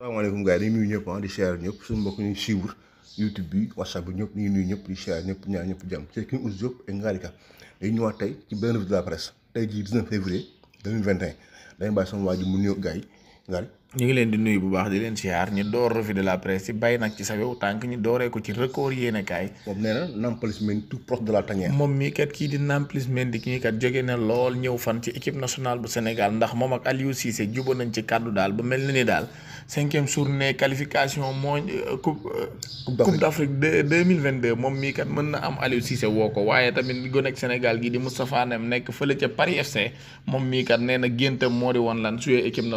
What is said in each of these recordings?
salaamaaleykum gars yi dañuy nuyu ñëpp ah di share ñëpp suñu mbokk ñuy suivre YouTube bi WhatsApp bi ñëpp dañuy nuyu ñëpp di share ñëpp ñaan ñëpp jàmm c'est King Ouse Diop et Ngary Ka dañu ñëwaat tey ci benn revue de la presse tey jii 19 bàyyi sama waa ji mu nuyoog gars yi ñu ngi leen di nuyu bu baax di leen siyaar ñu door revue de la presse yi bàyyi nag ci sa wew tànk ñu dooree ko ci record yéene kaay. moom nee na Nampalys Mendy tout proche de la tanière. moom mii kat kii di Nampalys Mendy kii kat jóge na lool ñëw fan ci équipe nationale bu Sénégal ndax moom ak Aliou Cissé jubóo nañ ci kàddu daal ba mel na ni daal cinquième journée qualification mooñ euh, coupe. Euh, coupe d' Afrique mille vingt deux moom mii kat mën na am Aliou Cissé woo ko waaye tamit gone ak Sénégal gii di Moustapha Nem nekk fële ca Paris FC moom mii kat nee na géntam moo di woon lan suyee équipe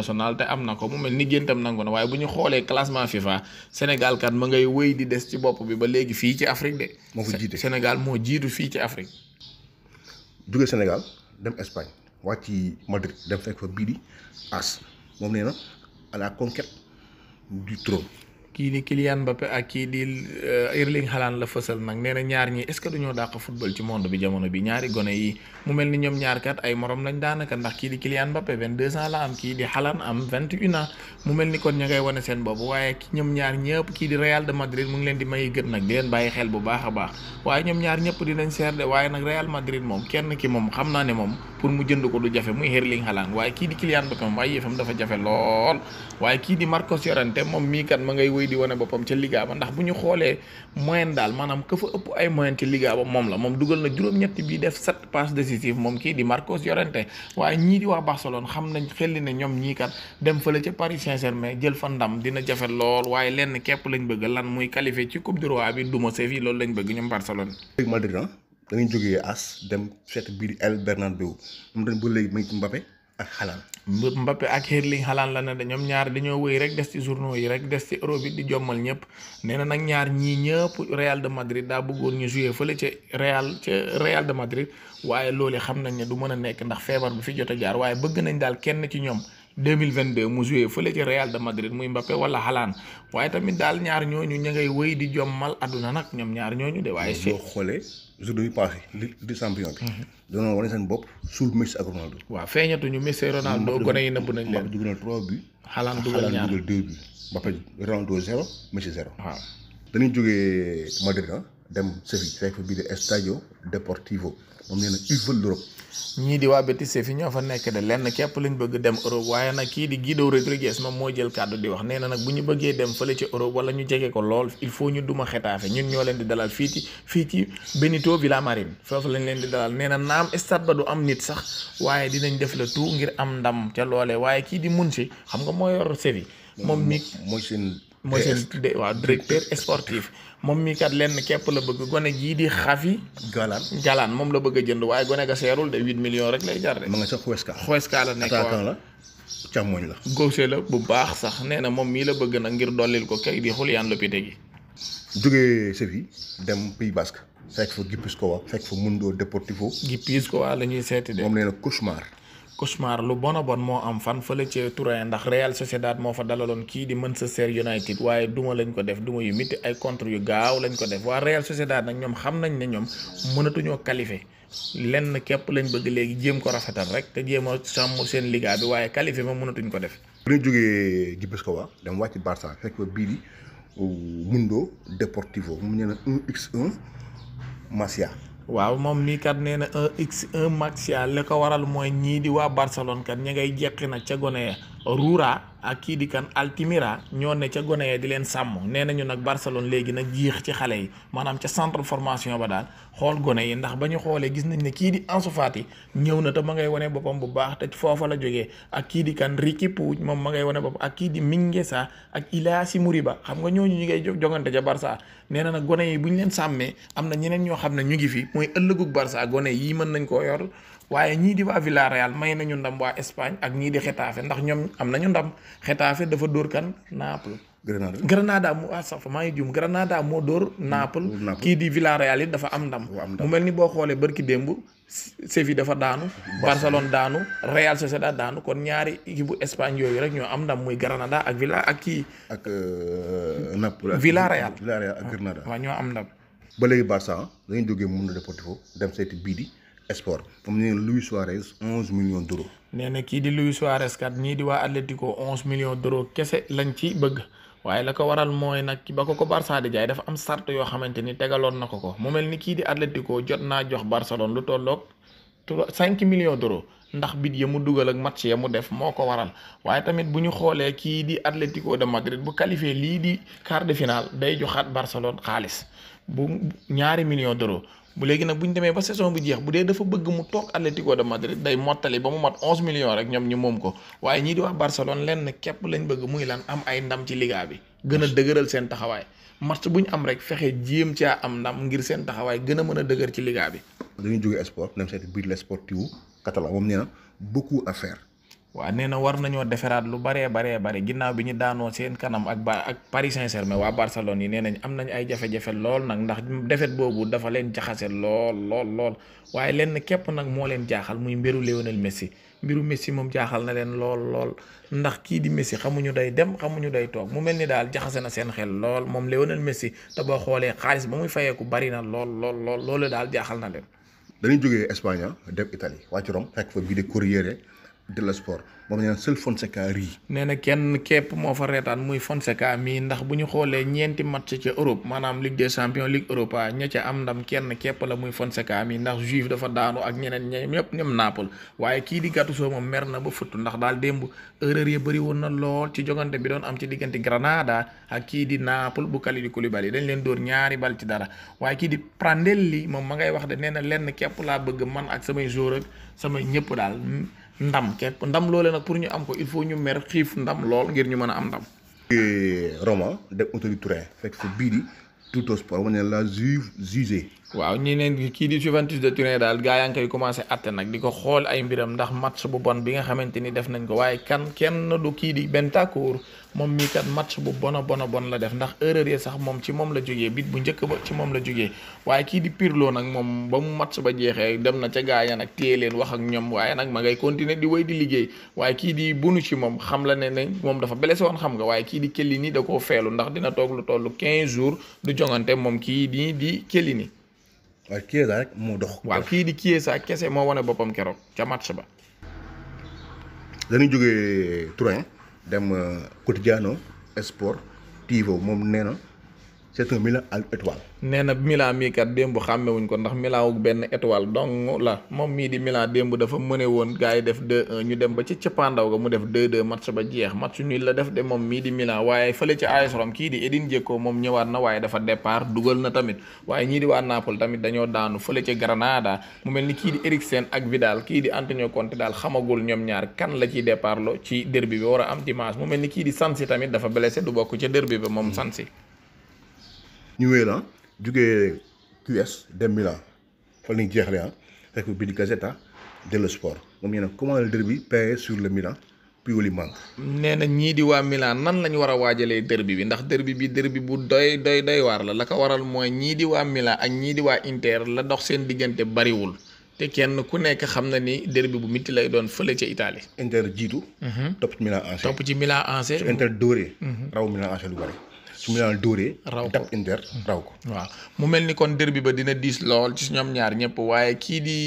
am na ko mel ni géntam nangu na waaye bu ñu xoolee classement FIFA Sénégal kat ma ngay wéy di des ci bopp bi ba léegi fii ci Afrique de. moo ko jiite Sénégal moo jiitu fii ci Afrique. jóge Sénégal dem Espagne wàcc ci Madrid dem fekk fa bii di As moom nee na à la conquête du trône. kii di Kylian Mbappé ak kii di eh, Erling Haaland la fësal nag nee ñaar ñi est-ce dàq football ci monde bi jamono bi ñaari gone yi mu mel ni ñoom ñaar kat ay morom lañ daanaka ndax kii di Kylian Mbappé 22 ans la am kii di Haaland am 21 ans mu mel ni kon ña ngay wane seen bopp waaye ñoom ñaar ñëpp kii di Real de Madrid mu ngi leen di may gët nag di leen bàyyi xel bu baax a baax waaye ñoom ñaar ñëpp dinañ seer de waaye nag Real Madrid moom kenn moom xam naa ne moom. pour mu jënd ko du jafe muy Erling Haaland waaye kii di Kylian Mbappé moom ay yëfam dafa jafe lool waaye kii di Marcos Llorente moom mii kat ma ngay wéy di wane boppam ca Liga ba ndax bu ñu xoolee moyenne daal manaam ka fa ëpp ay moyenne ci Liga ba moom la moom dugal na juróom-ñetti bii def sept passes décisives moom kii di Marcos Llorente waaye ñii di waa Barcelone xam nañ xelli ne ñoom ñii kat dem fële ca Paris Saint-Germain jël fa ndam dina jafe lool waaye lenn képp lañ lan muy qualifié ci Coupe du Roi bi duma da ngay jógee as dem seet biir El Bernabéu moom tamit ba léegi mu ngi Mbappé ak Haaland. Mbappé ak Erling Haaland la ne de ñaar dañoo wéy rek des ci journaux yi rek des ci Europe yi di jommal ñëpp nee na nag ñaar ñii ñëpp Real de Madrid daa bëggoon ñu joué fële ca Real ca Real de Madrid waaye loolu xam nañ ne du mën a nekk ndax feebar bi fi jot a jaar waaye bëgg nañ daal kenn ci ñoom. 2022 mu joué fële ci Real de Madrid muy Mbappé wala Haaland waaye tamit daal ñaar ñooñu ña ngay wëy di jommal àdduna nag ñoom ñaar ñooñu de waaye. boo xoolee jour bi passé li di champion bi. Mhm. dañoo wane seen bopp suul Messi ak Ronaldo. waaw feeñatuñu Messi Ronaldo gone yi nëbb nañ leen. dugal 3 bi. Haaland dugal ñaar Haaland dugal 2 bi. Mbappé Ronaldo 0 Messi 0. waaw dañuy jógee Madrid ah, dem Séville fekk bii de Estadio Deportivo. moom nee na ils ñii di waa Betis fi ñoo fa nekk de lenn képp lañ bëgg dem Europe waaye nag kii di Guido Rodriguez moom moo jël kàddu di wax nee na nag bu ñu bëggee dem fële ci Europe wala ñu jege ko lool il faut ñu duma xetaafe ñun ñoo leen di dalal fii ci fii ci Benito Villamarín foofu lañ leen di dalal nee na naam stade ba du am nit sax waaye dinañ def la tout ngir am ndam ca loolee waaye kii di mun Monchi xam nga moo yor Séville moom mi mooy seen mooy seen tuddee waaw directeur sportif moom mii kat lenn képp la bëgg gone jii di xafi galaan galaan moom la bëgg a jënd waaye gone ga seerul de huit millions rek lay jar de. ma nga sax Huesca. Huesca la nekk waaw la càmmoñ la. gauche bu baax sax nee na moom mii la bëgg nag ngir dollil ko kay di Julián Lopité gi. jógee Séville dem Pays Basque. fekk fa Gipuzkoa fekk fa Mundo Deportivo. Gipuzkoa la ñuy seeti de. moom nee na cauchemar lu bon a bon moo am fan fële tourain Turin ndax Real Sociedad moo fa dalaloon kii di Manchester United waaye duma lañ ko def duma yu mitti ay contre yu gaaw lañ ko def waa Real Sociedad nag ñoom xam nañ ne ñoom mënatuñoo qualifié lenn képp lañ bëgg léegi jéem ko rafetal rek te jéem sàmm seen liga bi waaye qualifié moom mënatuñ ko def. bu ñu jógee Gipuzkoa dem wàcc Barça fekk ba bii di uh, Mundo Deportivo mu ne la 1 x Masia. waaw moom mii kat nee na un x un Martial li ko waral mooy ñii di waa Barcelone kat ña ngay jeqi na ca gone ya Roura ak kii di kan Altimira ñoo ne ca gone ya di leen sàmm nee nañu nag Barcelone léegi nag jiix ci xale yi maanaam ca centre formation ba daal xool gone yi ndax ba ñu xoolee gis nañ ne kii di Ansu ñëw na te ma ngay wane boppam bu baax te foofa la jógee ak kii di kan Ricky Puig moom ma ngay wane boppam ak kii di Mingueza ak muri ba xam nga ñooñu ñu ngay jogante ca Barça nee na nag gone yi bu ñu leen sàmmee am na ñeneen ñoo xam ne ñu ngi fi mooy ëllëgug Barça gone yii mën nañ koo yor waaye ñii di waa Villarreal may nañu ndam waa Espagne ak ñii di Getafe ndax ñoom am nañu ndam Xetafe dafa dóor kan Naples. Grenada Grenada mu ah sax maa ngi juum Grenada moo dóor Naples. kii di Villarreal it dafa am ndam. mu mel ni boo xoolee barki démb. Séville dafa daanu. Barcelone daanu Real Sociedad daanu kon ñaari équipe bu Espagne yooyu rek ñoo am ndam muy Granada ak Villa ak kii. ak euh, Naples. Villarreal Villarreal ak Granada. waaw ñoo am ndam. ba léegi Barça dañuy jógee Mundo Deportivo dem seeti bii di sport. comme ni Luis Suarez onze millions d'euros. nee na kii di Luis Suarez kat ñii di waa Atlético onze millions d'euros kese lañ ci bëgg waaye la ko waral mooy nag ba ko ko Barça di jaay dafa am sart yoo xamante ni tegaloon na ko ko mu mel ni kii di Atlético jot naa jox Barcelone lu tolloog cinq million d'euros ndax bit ya mu dugal ak match ya mu def moo ko waral waaye tamit bu ñu xoolee kii di Atlético de Madrid bu qualifié lii di quart de finale day joxaat Barcelone xaalis bu ñaari million d'euros bu léegi nag bu ñu demee ba saison bu jeex bu dee dafa bëgg mu toog Atlético de Madrid day mottali ba mu mat onze millions rek ñoom ñu moom ko waaye ñii di wax Barcelone lenn képp lañ bëgg muy lan am ay ndam ci Liga bi gën a dëgëral seen taxawaay match bu ñu am rek fexe jéem caa am ndam ngir seen taxawaay gën a mën a dëgër ci Liga bi. dañuy jógee sport dem seeti biir le sportivo catalan moom nee na beaucoup à waa nee na war nañoo deferaat lu baree baree bare ginnaaw bi ñu daanoo seen kanam ak ba ak Paris Saint-Germain waa Barcelone yi nee nañ am nañ ay jafe-jafe lool nag ndax defet boobu dafa leen jaxase lool lool lool waaye lenn képp nag moo leen jaaxal muy mbiru Lionel Messi mbiru Messi moom jaaxal na leen lool lool ndax kii di Messi xamuñu day dem xamuñu day toog mu mel ni daal jaxase na seen xel lool moom Lionel Messi te boo xoolee xaalis ba muy fayeeku bari na lool loolu daal jaaxal na leen. dañuy jógee Espagne ah, dem Italie wàcc Rome fekk fa bii de Corriere de la sport moom nee na seul Fonseca rii. nee na kenn képp moo fa reetaan muy Fonseca mii ndax bu ñu xoolee ñeenti match ca Europe maanaam Ligue des champions Ligue Europa ña am ndam kenn képp la muy Fonseca mii ndax Juve dafa daanu ak ñeneen ñoom ñëpp ñoom Naples waaye kii di Gattuso moom mer na ba fëttu ndax daal démb erreur yi bëri woon na lool ci jogante bi doon am ci diggante Granada ak kii di Naples bu Kalidou Koulibaly dañ leen dóor ñaari bal ci dara waaye kii di Prandelli moom ma ngay wax de nee na lenn képp laa bëgg man ak samay joueur ak samay ñëpp daal. ndam képp ndam loolee nag pour ñu am ko il faut ñu mer xiif ndam lool ngir ñu mën a am ndam. Roma de autoritrein Touré fekk fa bii di Tuttosport wane la juge jugé. waaw ñi ne kii di Juventus de Turin daal gaa yaa ngi koy commencé àtte nag di ko xool ay mbiram ndax match bu bon bi nga xamante ni def nañ ko waaye kan kenn du kii di Bentancur moom mii kat match bu bon a bon a bon la def ndax erreur yi sax moom ci moom la jógee bit bu njëkk ba ci moom la jógee waaye kii di Pirlo nag moom ba mu match ba jeexee dem na ca gaa ya nag téye leen wax ak ñoom waaye nag ma ngay continuer di wéy di liggéey waaye kii di Bonucci moom xam la ne ne moom dafa blessé woon xam nga waaye kii di Chiellini da koo feelu ndax dina toog lu toll 15 jours du jongante moom kii di di Chiellini waaye Chiesa rek moo dox. waaw kii di Chiesa kese moo wane boppam keroog ca match ba. dañuy jógee Turin dem euh, Quotidiano Sport TV moom nee na. c'est un Milan à étoile. nee na Milan mii kat démb xàmmewuñ ko ndax Milan wu benn étoile donc la moom mii di Milan démb dafa mëne woon gars yi def 2 ñu dem ba ci cëppaandaw ga mu def 2-2 match ba jeex match nul la def de moom mii di Milan waaye fële ci AS Rome kii di Edin Dzeko moom ñëwaat na waaye dafa départ dugal na tamit waaye ñii di waa Naples tamit dañoo daanu fële ca Granada mu mel ni kii di Eriksen ak Vidal kii di Antonio Conte daal xamagul ñoom ñaar kan la ciy départ lo ci derby bi war a am dimanche mu mel ni kii di Sansi tamit dafa blessé du bokk ca derby bi moom Sansi ñu wéy la jugee QS dem Milan fa lañ jeexle ah fekk bi di Gazzetta dello Sport moom ñu ne comment le sur le Milan Pioli manque. nee ñii di waa Milan nan lañu war a waajalee derby bi ndax derby bi derby bu doy doy doy waar la la ko waral mooy ñii di waa Milan ak ñii di waa Inter la dox seen diggante bariwul te kenn ku nekk xam na ni derby bu mitti lay doon fële ca Italie. Inter jiitu. Mhm. topp ci Milan AC topp ci Milan AC. su Inter dóoree. Mhm. mu daan dóoree. raw ko dab hmm. raw ko. waaw mu mel ni kon derbi ba dina diis lool ci ñoom ñaar ñëpp waaye kii di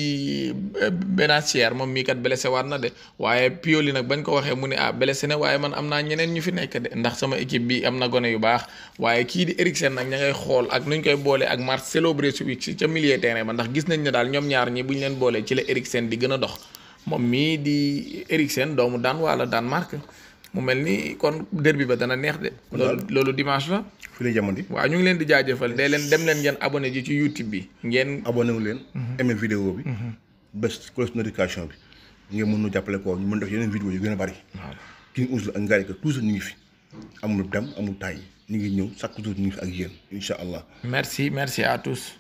eh, Benacer moom mii kat blessé waat na de waaye Pioli nag bañ ko waxee mu ne ah blessé na waaye man am naa ñeneen ñu fi nekk de ndax sama équipe bi am na gone yu baax waaye kii di Eriksen nag ña ngay xool ak nuñ koy boole ak Marcelo Brozovic ci ca milieu terrain ba ndax gis nañ ne daal ñoom ñaar ñi buñ leen boolee ci la Eriksen di gën a dox moom mii di Eriksen doomu daan wala Danemark mu mel ni kon derby ba dana neex de. loolu loolu dimanche la. fii la jamono waaw ñu ngi leen di jaajëfal dee leen dem leen ngeen abonné ji ci YouTube bi ngeen. abonné leen. Mhm. aimé vidéo bi. Mhm. bés close notification bi. ngeen mën nu jàppale ko ñu mën def yeneen vidéo yi gën a bari. waaw King la ak Ngary Ka toujours ñu ngi fi. amul dem amul taay ñu ngi ñëw chaque jour ñu fi ak yéen incha allah. merci merci à tous.